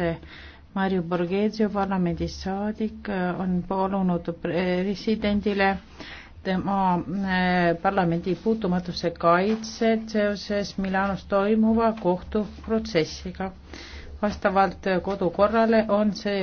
Eh, Mario Borghezio parlamendisaadik eh, on palunud presidendile tema eh, parlamendi puutumatuse kaitset seoses Milanos toimuva kohtuprotsessiga. vastavalt kodukorrale on see